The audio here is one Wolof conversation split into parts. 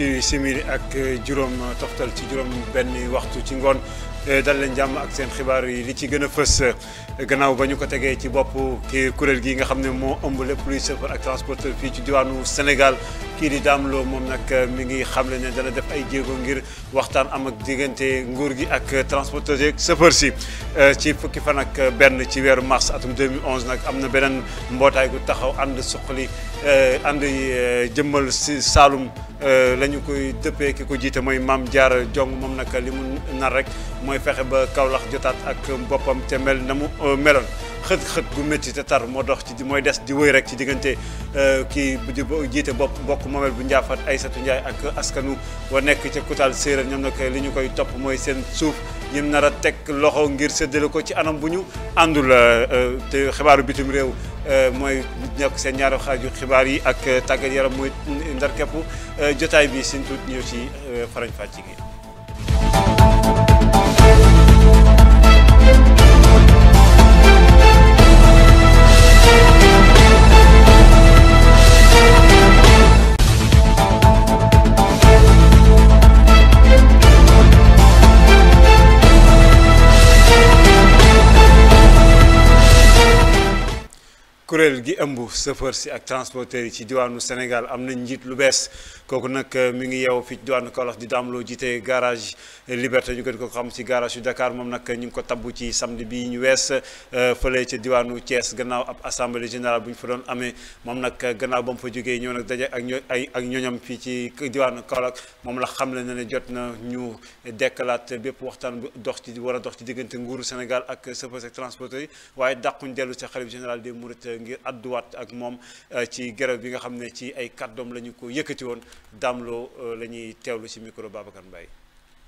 fukki simili ak juróom toftal ci juróom benn waxtu ci ngoon dal leen jàmm ak seen xibaar yi li ci gën a fës gannaaw ba ñu ko tegee ci bopp ki kuréel gi nga xam ne moo ëmb lépp luy chauffeur ak transporteur fii ci diwaanu Sénégal kii di Dame Lo moom nag mi ngi xamle ne dana def ay jéego ngir waxtaan am ak diggante nguur gi ak transporteur yeeg chauffeur si ci fukki fan ak benn ci weeru mars atum 2011 nag am na beneen mbootaay gu taxaw ànd suqali ànd jëmmal eh, dañu koy tëppee kiko jité moy mam jaar jong mom nak li mu nar rek moy fexé ba Kaolack jotat ak bopam té mel namu melon euh, meloon xët gu metti té tar mo dox ci moy des di wëy rek ci digënté euh, ki di jiite bopp bokk momel bu ndiafat Aïssatou Ndiaye ak askanu wa nek ci Koutal Séeréer ñom nak li ñu koy topp mooy seen ñim nar a teg loxo ngir séddale ko ci anam bu ñu àndul euh, euh, te xibaaru bitim réew euh, mooy nekk seen ñaari xaaju xibaar yi ak tàggat yaram mooy ndar képp jotaay bi suñ tuut ñëw ci farañ fàcc gi. kuréel gi ëmb chauffeur si ak transporteur yi ci diwaanu Sénégal am nañ njiit lu bees kooku nag euh, mi ngi yeew fi diwaanu Kaolack di daamloo jiite garage Liberté ñu gën ko xam si garage yu Dakar moom nag ñu ngi ko tabbu ci samedi bi ñu wees euh, fële ca diwaanu cees gannaaw ab assemblée générale bu ñu fa doon amee moom nag euh, gannaaw ba mu fa jógee ñoo nag daje ak ño ay ak ñoñam fii ci diwaanu Kaolack moom la xam le na ne jot na ñu dekkalaat bépp waxtaan bu dox ci war dox ci diggante nguuru Sénégal ak chauffeur ak transporteur yi adduwaat ak moom euh, ci grève bi nga xam ne ci ay kàddoom la ñu ko yëkkati woon daamloo euh, la ñuy teewlu ci micro Babacar Mbaye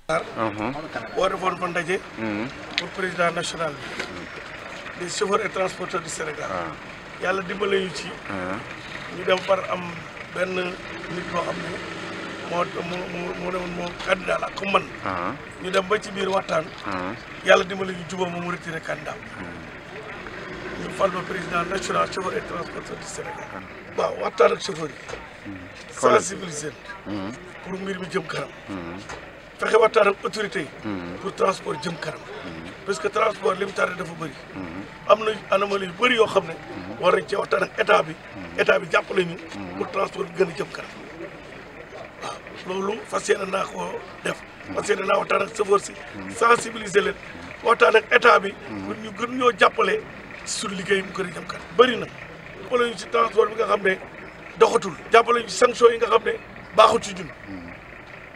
uh-huh. woo defoon fa ndaje mm-hmm. pour président national bi mm-hmm. des chauffeurs et transporteurs du Sénégal ah. yàlla dimbale ñu ci uh-huh. ñu dem par am benn nit boo xam ne moo moo moo demoon moo candidat la man uh-huh. ñu dem ba ci biir waxtaan yàlla dimbale ñu jubóo moom mu retiré falma président national chauffeur et transporteur du Sénégal waaw waxtaan ak chauffeur yi sensibiliser pour mbir mi jëm kanam fexe waxtaan ak autorité yi transport jëm kanam parce que transport li mu tardé dafa bëri am na anomalie yu bëri yoo xam ne war nañ cee waxtaan ak état bi état bi jàppale ñu pour transport bi gën a jëm kanam waaw loolu fas yéene naa ko def fas yéene naa waxtaan ak chauffeur si sensibiliser leen waxtaan ak état bi pour ñu gën suñu liggéey mu gën a jëm kat bëri na jàppale ñu ci transport bi nga xam ne doxatul jàppale ñu ci sanction yi nga xam ne baaxul ci ñun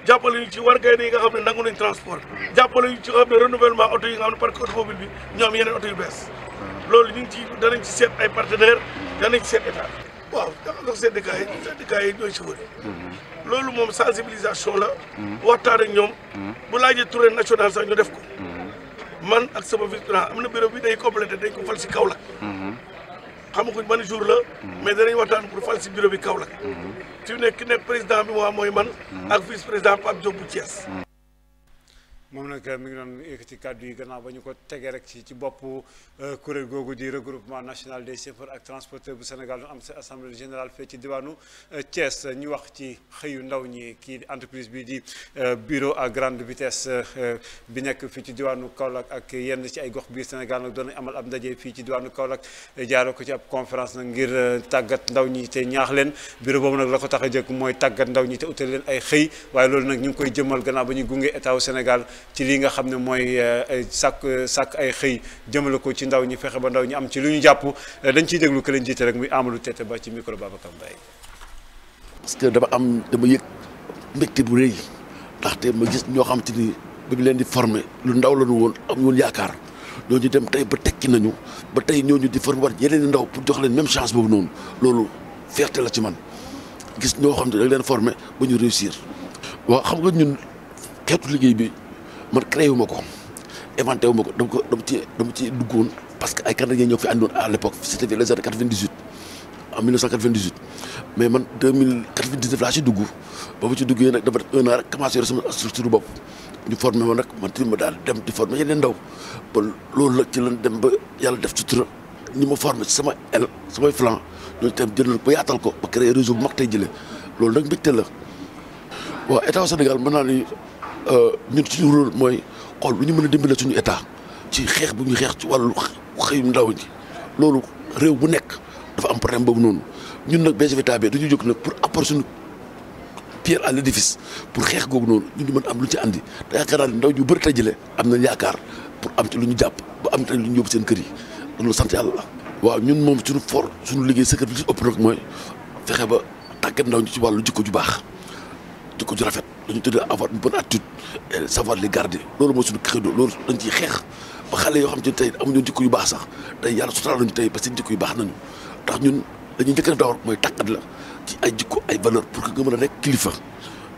jàppale ñu ci wargay ne yi nga xam ne nangu nañ transport bi jàppale ñu ci xam ne renouvellement oto yi nga xam ne parc automobile bi ñoom yeneen oto yu bees loolu ñu ngi ci danañ ci seet ay partenaire danañ ci seet état waaw dama dox syndicats yi syndicats yi ñooy chauffeur loolu moom sensibilisation la mm-hmm. waxtaan ñoom mm-hmm. bu laajee tournée nationale sax ñu def ko mm-hmm. man ak sama vice président am na bureau bi day complété dañ ko fal si Kaolack. Mhm. xamaguñ ban jour la. Mhm. mais danañ waxtaan pour fal si bureau bi Kaolack. Mhm. fi mu nekk nekk président bi moo mooy man. ak vice président Pape Diop bu Thiès. moom nag mi ngi doon ci kàddu yi gannaaw ba ñu ko tegee rek ci ci bopp euh, kuréel googu di regroupement national des chauffeurs ak transporteurs bu Sénégal doon am sa assemblée générale fee ci diwaanu euh, Thiès ñu wax ci xëyu ndaw ñi kii entreprise bi di euh, bureau à grande vitesse bi nekk fii ci diwaanu Kaolack ak yenn ci ay gox biir Sénégal nag doon amal ab ndaje fii ci diwaanu Kaolack jaaroo ko ci ab conférence nag ngir tàggat ndaw ñi te ñaax leen bureau boobu nag la ko tax a jëkk mooy tàggat ndaw ñi te utal leen ay xëy waaye loolu nag ñu ngi koy jëmal gannaaw ba ñu gunge état wu Sénégal ci li nga xam ne mooy euh, sàkk sàkk ay xëy jëmale ko ci ndaw ñi fexe ba ndaw ñi am ci lu ñu jàpp euh, dañ ciy déglu que leen jiite rek muy amalu Tete Ba ci micro Babacar Mbaye parce que dama am dama yëg mbekk bu rëy ndaxte ma gis ñoo xam ni bi leen di former lu ndaw la ñu woon am woon yaakaar ñooñu dem tey ba tekki nañu ba tey ñooñu di former war yeneen ndaw pour jox leen même chance boobu noonu loolu fierté la ci man gis ñoo xam ne da leen former ba ñu réussir waaw xam nga ñun xeetu liggéey bi man créé wu ma ko inventé wu ma ko dama ko dama ci dama ci parce que ay canadiens ñoo fi àndoon à l'époque c'était les années 98 en 1998 mais man 2099 laa ci dugg ba ma ci duggee nag dafa un an rek commencé yore sama structure bopp ñu formé woon nag man tamit ma daal dem di formé yeneen ndaw ba loolu la ci dem ba yaatal ko ba créé réseau bu mag tey jëlee loolu nag mbégte la waaw Sénégal Euh, ñun suñu rôle mooy xool lu ñu mën a dimbale suñu état ci xeex bu ñu xeex ci wàllu xëyum ndaw ji loolu réew bu nekk dafa am problème boobu noonu ñun nag BGVTA bi dañu jóg nag pour apporter suñu pierre à l'édifice pour xeex googu noonu ñu mën am lu ci andi yaakaar naa ndaw ñu bëri tey jëlee am nañ yaakaar pour am ci lu ñu jàpp ba am tey lu ñu yóbbu seen kër yi loolu sant yàlla la. waaw ñun moom suñu fort suñu liggéey secret bi ci ëpp nag mooy fexe ba tàggat ndaw ñu ci wàllu jikko ju baax jikko ju rafet. dañu tëdd avoir une bonne attitude et savoir les garder loolu mooy suñu credo loolu dañ ciy xeex ba xale yoo xam te ne tey amuñu jikko yu baax sax tey yàlla sutal nañu tey parce que jikko yu baax nañu ndax ñun dañuy njëkk a def d'abord mooy tàggat la ci ay jikko ay valeur pour que nga mën a nekk kilifa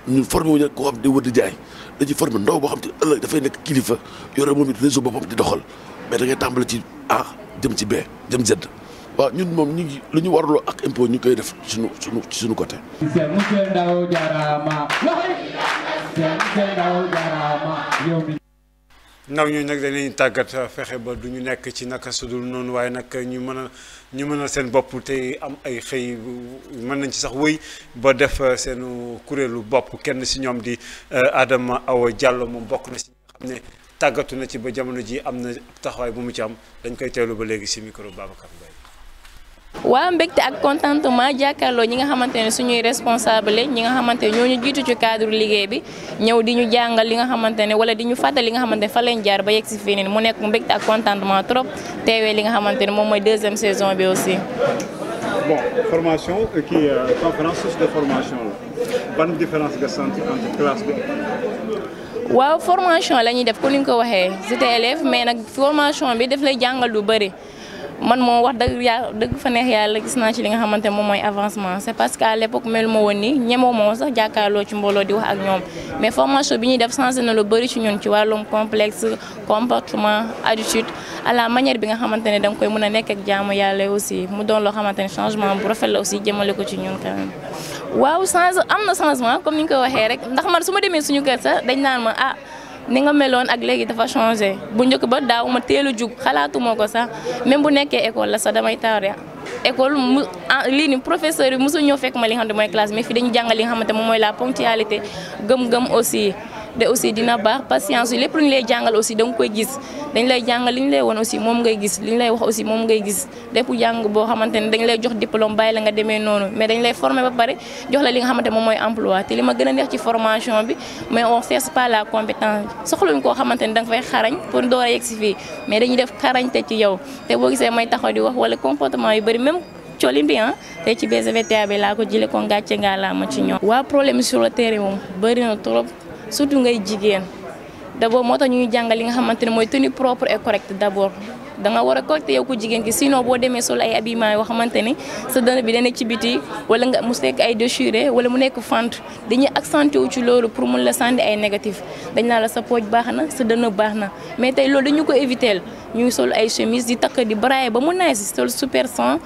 ñun formé wuñu koo xam ne wër di jaay dañuy formé ndaw boo xam te ëllëg dafay nekk kilifa yore moom it réseau boppam di doxal mais da ngay tàmbali ci A jëm ci B jëm Z waaw ñun moom ñu ngi lu ñu warloo ak impôt ñu koy def suñu suñu ci suñu côté. seen ndaw ñu nag dañuy tàggat fexe ba du ñu nekk ci naka sudul noonu waaye nag ñu mën a ñu mën a seen bopp te am ay xëy mën nañ ci sax wëy ba def uh, seen kuréelu bopp kenn si ñoom di aadama uh, Awa Diallo moom bokk na si xam ne tàggatu na ci ba jamono ji am na taxawaay bu mu ci am dañ koy teelu ba léegi si micro Babacar Mbaye waa mbégte ak contentement jàkkaarloo ñi nga xamante ne suñuy responsable ñi nga xamante ne ñoo ñu jiitu ci cadre liggéey bi ñëw di ñu jàngal li nga xamante ne wala di ñu fàttali li nga xamante fa leen jaar ba yegg si fii mu nekk mbégte ak contentement trop teewee li nga xamante ne moom mooy deuxième saison bi aussi. bon formation kii euh, euh, waaw formation la ñuy def ko ni ñu ko waxee c'était élève mais nag formation bi daf lay jàngal lu bëri. man mo wax deug yaa dëgg fa neex yalla gis na ci li nga xamantene mom moy avancement c'est parce qu'à l'époque mel mo woon ni mo moom sax jàkkaarloo ci mbolo di wax ak ñom mais formation bi ñi def changé na lu bëri ci ñun ci walum complexe comportement attitude à la manière bi nga xamantene dang koy mëna nek ak jaamu yalla aussi mu doon lo xamantene changement bu rafet la aussi jëmale ko ci ñun quand même waaw change amna changement comme ni ñu ko waxee rek ndax man suma démé suñu kër sax dañ naan ma ah ni nga meloon ak léegi dafa changé bu njëkk ba daawuma ma teel a jug xalaatuma ko sax même bu nekkee école la sa damay tardé école mu ah, lii ni professeur yi mosu ñoo fekk ma li nga xamante mooy classe mais dañu jàngal li nga xamante moom mooy la ponctualité gëm-gëm aussi te aussi dina baax patience yi lépp lu ñu lay jàngal aussi da nga koy gis dañ lay jàngal li ñu lay won aussi moom ngay gis li ñu lay wax aussi moom ngay gis lépp jàng boo xamante ne dañ lay jox diplôme bàyyi la nga demee noonu mais dañ lay former ba pare jox la li nga xamante moom mooy emploi te li ma gën a neex ci formation bi mais on cherche pas la compétence soxluñ koo xamante ne da nga fay xarañ pour door a yegg si fii mais dañuy def xarañte ci yow te boo gisee may taxaw di wax wala comportement yu bëri même colin bi ah tey ci BSVTA bi laa ko jëlee kon gàcce ngaa laa ma ci ñoom. waa problème sur le terrain moom bëri na trop. surtout ngay jigéen d'abord moo tax ñuy jàngal li nga xamante ne mooy tenue propre et correcte d'abord da war a correcte yow ko jigéen ki sinon boo demee sol ay habillement yoo xamante ne sa dënn bi dana ci biti wala nga mu nekk ay wala mu nekk fente dañuy accentuer wu ci loolu pour mun la sànni ay négatif dañ naa la sa pooj baax na sa dënn baax na mais tey loolu dañu ko éviter ñu sol ay chemise di takk di brailler ba mu naaj sol super sang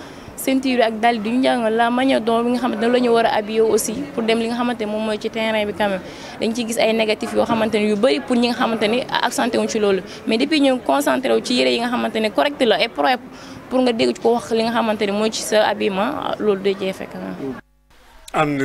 ceinture ak dal di ñu jàngal la manière dont bi nga xamante ne war a habillé aussi pour dem li nga xamante ne moom mooy ci terrain bi quand même dañ ciy gis ay négatif yoo xamante ne yu bëri pour ñi nga xamante ne accenté ci loolu mais depuis ñu concentré wu ci yére yi nga xamante ne correct la et propre pour nga dégg ko wax li nga xamante ne mooy ci sa habillement loolu day jeefe quand même ànd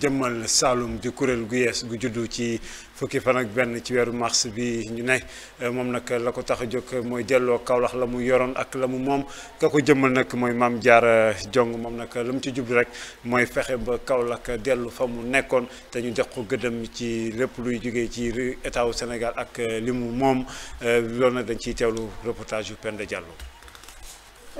jëmmal Saloum di kuréel gu yees gu juddu ci fukki fan ak benn ci weeru mars bi ñu ne euh, moom nag la ko tax a mooy delloo Kaolack la mu yoroon ak la mu moom ka ko jëmmal nag mooy maam Diarra jong moom nag la mu ci jublu rek mooy fexe ba Kaolack dellu fa mu nekkoon te ñu jox ko gëddam ci lépp luy jógee ci état wu Sénégal ak euh, li mu moom euh, loolu nag dañ ciy teewlu reportage yu Penda Diallo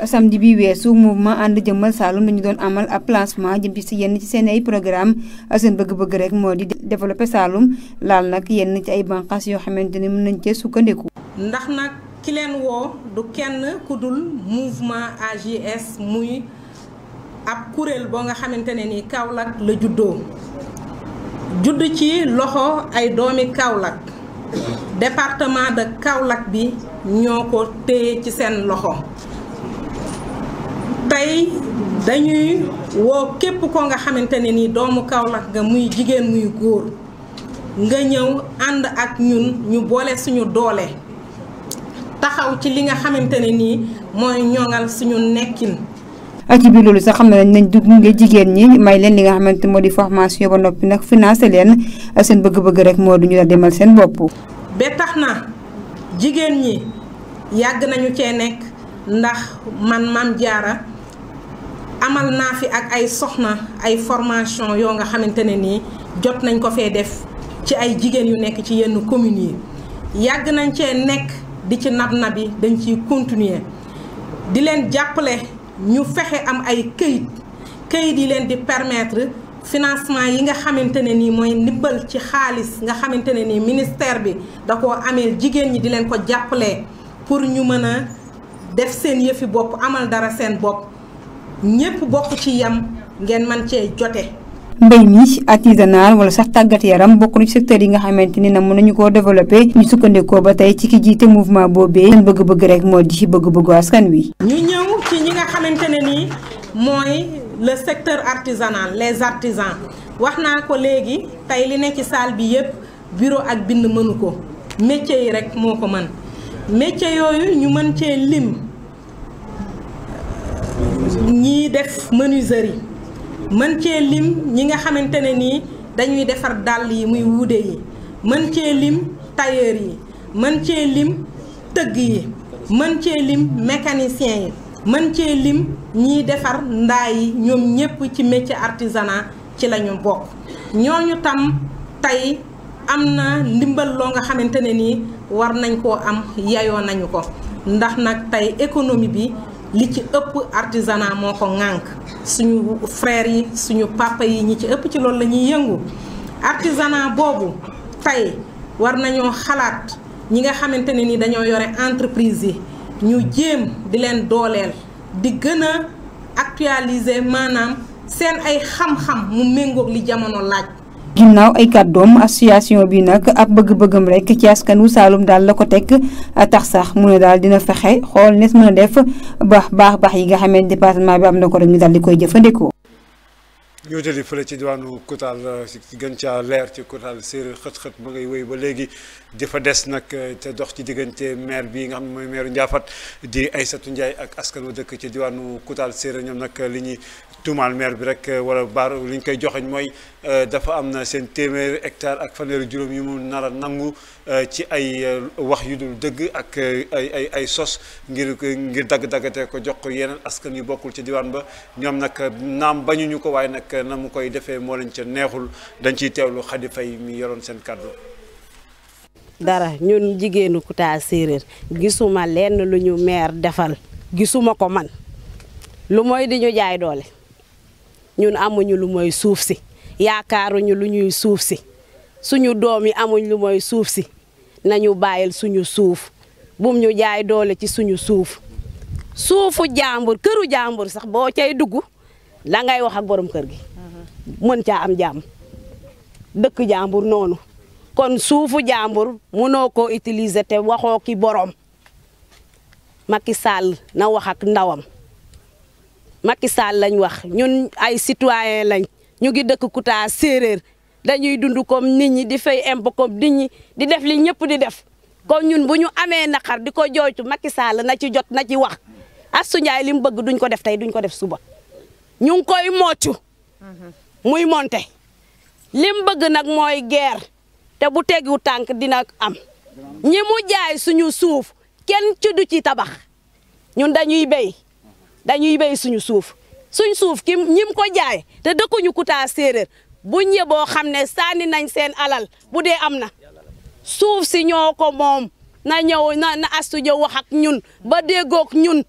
samedi bi wessu ya, mouvement and jëmmal Saloum ñu doon amal ab lancement jëm ci yenn ci seen ay programme seen bëgg-bëgg rek moo di développer salum laal nak yenn ci ay banqaas yoo xamante ni mën nañ cee sukkandiku. ndax nak ki leen woo du kenn ku dul mouvement AJS muy ab kuréel bo nga xamante ne ni Kaolack la juddoo judd ci loxo ay doomi Kaolack département de Kaolack bi ñoo ko téye ci seen loxo. Tay dañuy wo képp ko nga xamantene ni doomu Kaolack nga muy jigen muy goor nga ñew and ak ñun ñu boole suñu doole taxaw ci li nga xamantene ni moy ñongal suñu nekkin ci bi loolu sax xamna nañ du nga ñi may leen li nga xamantene modi formation ba nopi nak financé leen seen bëgg-bëgg rek moo du ñu demal seen bopp. ba tax na ñi yag nañu ci nek ndax man mam jaara amal naa fi ak ay soxna ay formation yoo nga xamante ne nii jot nañ ko fee def ci ay jigéen yu nekk ci yenn communes yi yàgg nañ cee nekk di ci nab nabi dañ ciy continuer di leen jàppale ñu fexe am ay këyit këyit yi leen di permettre financement yi nga xamante ne nii mooy ndimbal ci xaalis nga xamante ne nii ministère bi da koo ameel jigéen ñi di leen ko jàppale pour ñu mën a def seen yëfi bopp amal dara seen bopp ñépp bokk ci yam ngeen man cee jote mbéy mi artisanal wala sax tàggat yaram bokk na yi nga xamante ni na mën nañu koo développé ñu sukkandikoo ba tey ci ki jiite mouvement boobee seen bëgg-bëgg rek moo di ci bëgg-bëggu askan wi. ñu ñëw ci ñi nga xamante ne nii mooy le secteur artisanal les artisans wax naa ko léegi tey li ne ci salle bi yépp bureau ak bind mënu ko métier yi rek moo ko mën métier yooyu ñu mën cee lim. ñiy def yi mën cee lim ñi nga xamante ne nii dañuy defar dàll yi muy wuude yi mën cee lim tailleur yi mën cee lim tëgg yi mën cee lim mécanicien yi mën cee lim ñiy defar ndaa yi ñoom ñépp ci métier artisanat ci lañu ñu bokk ñooñu tam tey am na ndimbal loo nga xamante ne nii war nañ ko am yayoo nañu ko ndax nag tey économie bi li ci ëpp artisanat moo ko ŋànk suñu frères yi suñu papa yi ñi ci ëpp ci loolu la ñuy yëngu artisanat boobu tey war nañoo xalaat ñi nga xamante ne ni dañoo yore entreprise yi ñu jéem di leen dooleel di gën a actualiser maanaam seen ay xam-xam mu méngoog li jamono laaj ginnaaw ay doom association bi nag ab bëgg-bëggam rekk ci askan wu Saalum daal la ko teg tax sax mu ne daal dina fexe xool nes mën a def ba baax baax yi nga xam ne département bi am na ko rek ñu daal di koy jëfandikoo. ñoo tëddi fële ci diwaanu Koutal ci gën caa leer ci Koutal séeréer xët-xët ba ngay wéy ba léegi di fa des nag te dox ci diggante maire bi nga xam ne mooy maire Ndiafat ay Aïssatou Ndiaye ak askan wa dëkk ci diwaanu Koutal séeréer ñoom nag li tumal mer bi rek euh, wala bar li koy moy euh, dafa amna sen témer hectare ak fanweeri djuroom yi mu nara nangu euh, ci ay wax yu dul deug ak ay ay ay sos ngir ngir dag dagate ko jox ko yenen askan yu bokul ci diwan ba ñom nak nam bañu ñuko way nak nam koy defé mo lañ ci neexul dañ ci tewlu yi mi yoron sen cadeau dara ñun jigéenu kuta Séeréer gisuma lenn nyu mer defal gisuma ko man lu moy diñu jaay doole ñun amuñu lu mooy suuf si yaakaaruñu lu ñuy suuf si suñu doom yi amuñ lu mooy suuf si nañu bàyyil suñu suuf bum ñu jaay doole ci suñu suuf suufu jàmbur këru jàmbur sax boo cay dugg la ngay wax borom kër gi mën caa am jàmm dëkk jàmbur noonu kon suufu jàmbur mënoo koo utiliser te waxoo ki borom Macky Sall na wax ak ndawam Macky Sall lañ wax ñun ay citoyen lañ ñu ngi dëkk Kouta séeréer dañuy dund comme nit ñi di fay impôt comme nit di def li ñëpp di def ko ñun bu ñu amee naqar di ko jooytu Macky Sall na ci jot na ci wax Astou Ndiaye li mu bëgg duñ ko def tey duñ ko def suba ñu ngi koy moccu muy monte li mu bëgg nag mooy guerre te bu teggu tànk dina am ñi mu jaay suñu suuf kenn ci du ci tabax ñun dañuy béy dañuy béy suñu suuf suñ suuf ki ñim ko jaay te dëkkuñu Kouta séeréer buñ yeboo xam ne sànni nañ seen alal bu dee am na suuf si ñoo ko moom na ñëw na na astu ñëw wax ñun ba déggoog ñun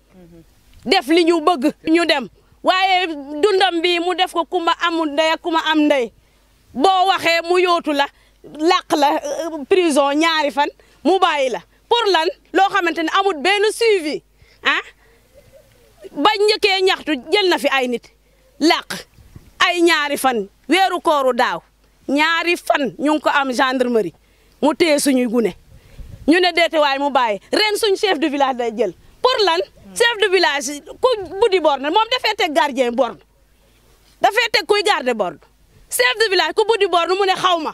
def li ñu bëgg ñu dem waaye dundam bi mu def ko ku ma amul ndey ku ma am ndey boo waxee mu yootu la làq la euh, prison ñaari fan mu bàyyi la pour lan loo xamante ne amul benn suivi a ah? ba njëkkee ñaxtu jël na fi ay nit làq ay ñaari fan weeru kooru daaw ñaari fan ñu ngi ko am gendarmerie mu téye suñuy gune ñu ne deetewaay mu bàyyi ren suñ chef de village day jël pour lan chef de village ku buddi borne moom dafay teg gardien borne dafay teg kuy garder borne chef de village ku buddi borne mu ne xaw ma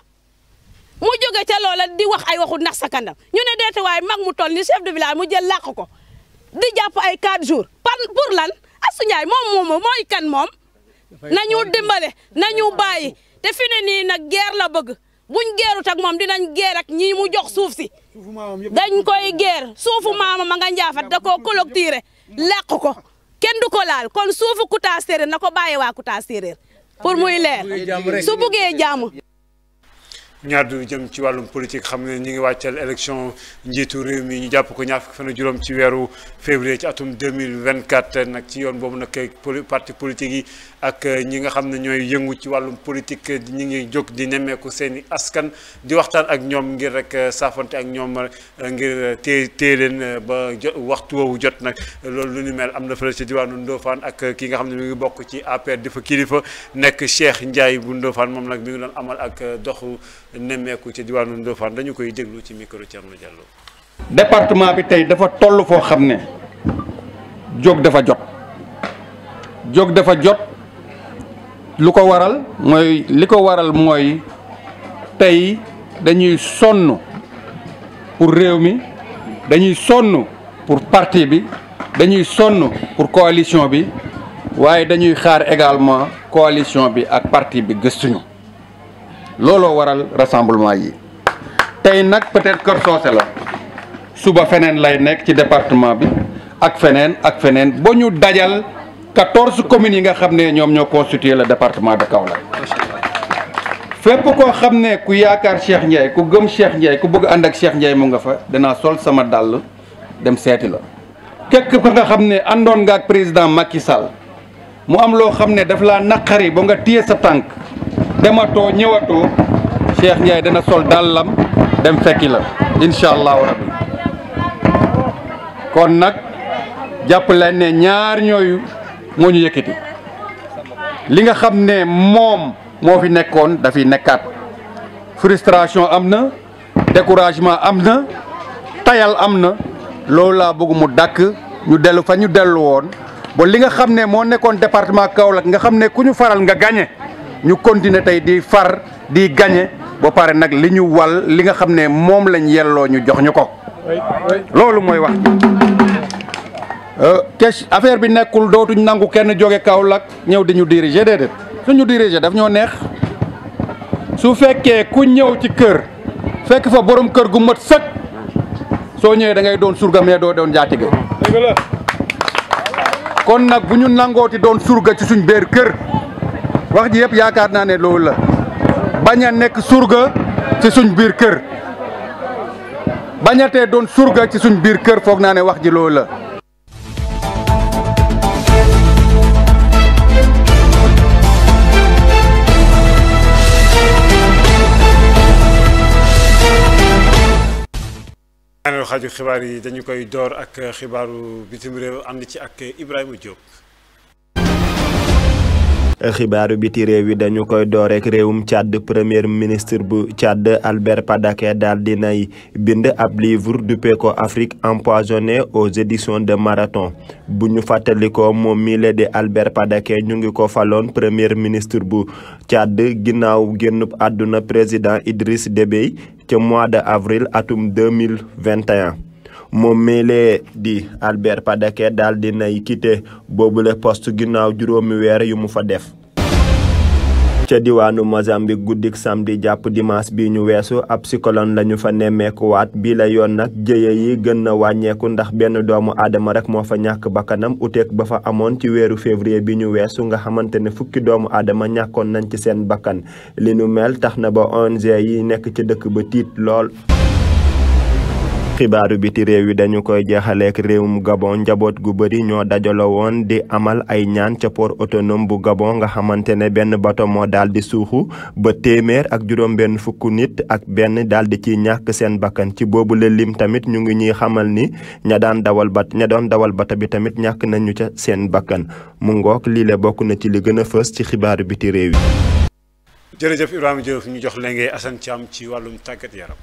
mu jóge ca loola di wax ay waxu nax sa kandam ñu ne deetewaay mag mu toll ni chef de village mu jël làq ko di jàpp ay 4 jours par pour lan Astou Ndiaye moom moom mooy kan moom nañu dimbale nañu bàyyi te fi nii nag guerre la bëgg buñ geerut tak moom dinañ geer ak ñii mu jox suuf si dañ koy geer suufu maama ma nga njaafat da koo tiire làq ko kenn du ko laal kon suufu Kouthia Séréer na ko bàyyi waa Kouthia Séréer pour muy leer su buggee jaamu ñaar du jëm ci wàllum politique xam ne ñu ngi wàccal élection njiitu réew mi ñu jàpp ko ñaar fukki fan juróom ci weeru février ci atum 2024 nag ci yoon boobu nag parti politique yi ak euh, ñi nga xam ne ñooy yëngu ci wàllum politique ñi ngi jóg di nemmeeku seen i askan di waxtaan ak ñoom ngir rek euh, saafante ak ñoom euh, ngir téye téye leen ba waxtu woowu jot nag loolu lu ni mel am na fële ci diwaanu Ndofane ak ki nga xam ne mu ngi bokk ci APR dafa kilifa nekk Cheikh Ndiaye bu Ndofane moom nag mi ngi doon amal ak doxu nemmeeku ci diwaanu Ndofane dañu koy déglu ci micro Thierno Diallo. département bi tey dafa toll foo xam ne jóg dafa jot jóg dafa jot lu ko waral mooy li ko waral mooy tey dañuy sonn pour réew mi dañuy sonn pour parti bi dañuy sonn pour coalition bi waaye dañuy xaar également coalition bi ak parti bi gëstuñu. lolo waral rassemblement yi tay nak peut-être Kër sosé la suba fenen lay nek ci département bi ak fenen ak fenen bo ñu dajal 14 communes yi nga xamné ñom ñoom ñoo constitué le département de Kaolack fepp ko xamné ku yaakar Cheikh ndjay ku gëm Cheikh ndjay ku bëgg and ak Cheikh ndjay mo nga fa sol sama dal dem séti la kek ko nga xamné andon nga ak président Macky Sall mu am lo xamné daf la nakari bo nga tié sa tank dematoo ñëwatoo Cheikh Ndiaye dana sol dàllam dem fekki la incha allahu rabbi kon nag jàpp leen ne ñaar ñooyu moo ñu yëkkati li nga xam ne moom moo fi nekkoon dafiy nekkaat frustration am na découragement am na tayal am na loolu laa bëgg mu dàkk ñu dellu fa ñu dellu woon ba li nga xam ne moo nekkoon département Kaolack nga xam ne ku ñu faral nga gañe ñu continuer tay di far di gagner bo paré nak li ñu wal li nga xamné mom lañ yello ñu jox ñuko lolu moy mooy wax euh, kes affaire bi nekul dootuñ nangu kenn jóge Kaolack ñëw di ñu diriger dedet suñu diriger daf ñoo neex su fekke ku ñew ci kër fekk fa borom kër gu mat sekk so ñewé da ngay doon surga mais do doon ge kon nak buñu nangoti doon surga ci suñu biir kër wax ji yëpp yaakaar naa ne loolu la bañ a nekk surga ci suñ biir kër te doon surga ci suñ biir kër foog naa ne wax ji loolu la xaaju xibaar yi dañu koy door ak xibaaru bitim réew ci ak Ibrahima Diop xibaaru biti réew yi dañu koy door rek réewum Tchad premier ministre bu Tchad Albert Padaké daal di nay bind ab livre duppee ko Afrique empoisonnée aux éditions de Marathon bu ñu fàttalikoo moom mii de di Albert Padaké ñu ngi ko faloon premier ministre bu Tchad ginnaaw génn àdduna président Idriss Déby ca mois de avril atum 2021 moom di Albert Padaké dal di nay quitté boobule poste ginnaw juróomi wér yu mu fa def. ci diwanu Mozambique guddik samedi japp dimanche bi ñu weesu ab cyclone lañu fa nemmeeku wat bi la yon nak jëye yi gëna na wàññeeku ndax benn doomu aadama rek mo fa ñàkk bakkanam uteek ba fa amone ci wéru février bi ñu nga fukki doomu ñakoon nañ ci sen bakan li nu mel taxna ba ONG yi nekk ci dëkk ba tit lool xibaaru biti réew yi dañu koy jeexaleek mu gabon njaboot gu bari ñoo dajalo woon di amal ay ñaan ca port autonome bu gabon nga xamante ne benn bato moo daal di suuxu ba téeméer ak juróom benn fukk nit ak benn daal di ci ñàkk seen bakkan ci boobu la lim tamit ñu ngi ñuy xamal ni ña daan dawal bat bi tamit ñàkk nañu ca seen bakkan mu ngook liile bokk na ci li gën a fës ci xibaaru biti réew yi jërëjëf jox la ngay ci wàllum tàggat yaram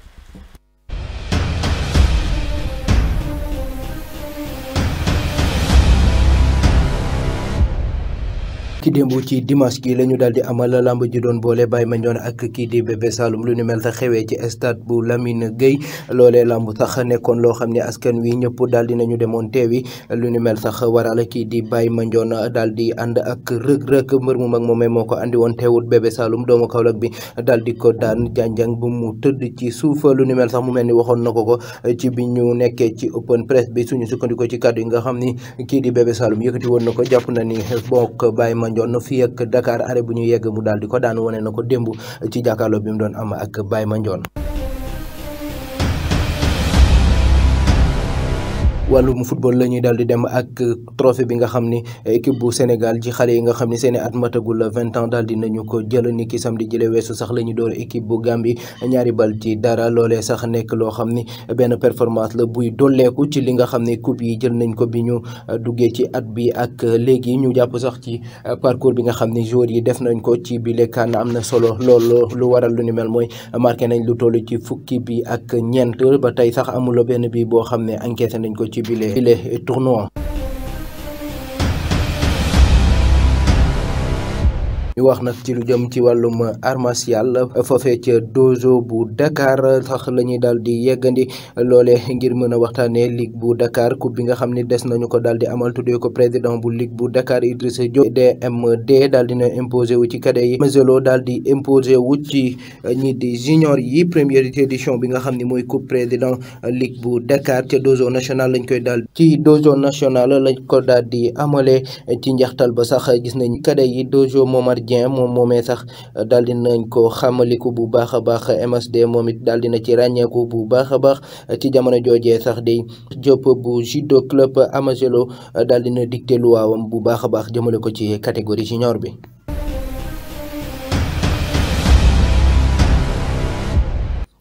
ki dembu ci dimanche gi lañu daldi amala amal lamb ji doon boole ma ñoon ak ki di Bébé salum lu ñu mel ta xewé ci stade bu Lamine Gueye lolé lamb tax ne kon lo xamni askan wi ñepp daldi nañu téwi lu ñu mel sax waral ki di bay ma ñoon daldi and ak rëg-rëg mër mu mag momé moko andi won teewut Bébé salum doomu kawlak bi daldi di ko daan jànjang bu mu tëdd ci suufa lu ñu mel sax mu melni waxon nako ko ci bi ñu nekké ci open press bi suñu sukkandikoo ci kàddu yi nga xamni ki di Bébé salum yëkëti won nako japp na ni bok bay ma Ndione fii ak Dakar arrêt bu ñu yegg mu daal di ko daan wane na ko démb ci jàkkaarloo bi mu doon am ak baay ma Mandione wàllum football la ñuy daal di dem ak euh, trophée bi nga xam ni euh, équipe bu Sénégal ji xale yi nga xam ni seen at matagul vingt ans daal di nañu ko jël ni ki di jële weesu sax la ñu door équipe bu Gambie ñaari bal ci dara loolee sax nekk loo xam ni benn performance la buy dolleeku ci li nga xam ni coupe yi jël nañ ko bi ñu euh, duggee ci at bi ak léegi ñu jàpp sax ci parcours bi nga xam ni joueurs yi def nañ ko ci bile kan am na solo lool lu waral lu ni mel mooy marqué nañ lu toll ci fukki bi ak ñeent ba tey sax amuloo benn bi boo xam ne encaissé nañ ko ci Il est tournoi ñu wax nag ci lu jëm ci wàllum art martial foofee ca dojo bu Dakar sax la ñuy daal di yeggandi loole ngir mën a waxtaanee ligue bu Dakar coupe bi nga xam ne des nañu ko daal di amal tuddee ko président bu ligue bu Dakar Idrissa Diop DMD daal dina imposé wu ci cadet yi Mazelo daal di imposé wu ci ñi di junior yi première édition bi nga xam ne mooy coupe président ligue bu Dakar ca dojo national lañ koy daal ci dojo national lañ ko daal di amalee ci njaxtal ba sax gis nañ cadet yi dojo Momar Dieng moom moomee sax daal di nañ ko xàmmaliku bu baax a baax MSD moom it daal di na ci ràññeeku bu baax a baax ci jamono joojee sax day Diop bu judo club Amagelo daal di na dicté luwaawam bu baax a baax jëmale ko ci catégorie junior bi.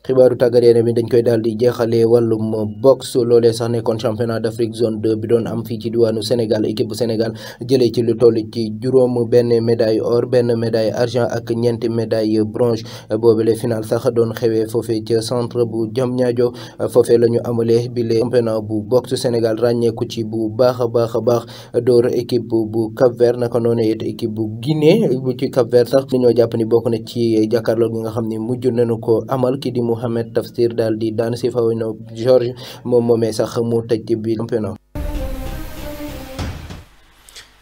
xibaaru tàggat yaram bi dañ koy daal di jeexalee wàllum boxe loolee sax nekkoon championnat d' Afrique zone 2 bi doon am fii ci diwaanu Sénégal équipe bu Sénégal jëlee ci lu toll ci juróom benn médaille or benn médaille argent ak ñeenti médaille bronze boobule finaal sax doon xewee foofee ca centre bu Diamniadio foofee la ñu amalee bile championnat bu boxe Sénégal ràññeeku ci bu baax a baax a baax door équipe bu Cap Vert naka noonu it équipe bu Guinée bu ci Cap sax li ñoo jàpp ni bokk na ci jàkkaarloo gi nga xam ne mujj nañu ko Mohamed Tafsir daal di daan si faw na George moom moomee sax mu tëj ci biir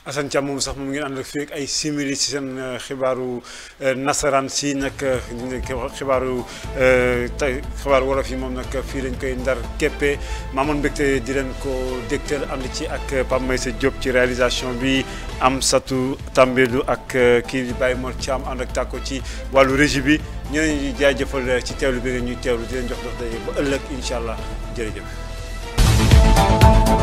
Assane Thiam moom sax moom ngeen ànd ak fii ay simili ci seen euh, xibaaru euh, nasaraan si nag euh, xibaaru tey xibaaru wolof yi moom nag fii lañ koy ndar képpe maamoon mbégte di leen ko am ànd ci ak Pape Maïssa Diop ci réalisation bi am satu Tambédou ak kii bay Baye Mor am ànd ak tàkko ci wàllu régie bi ñu leen di jaajëfal ci teelu bi ngeen ñuy teewlu di leen jox dox daje ba ëllëg incha allah jërëjëf.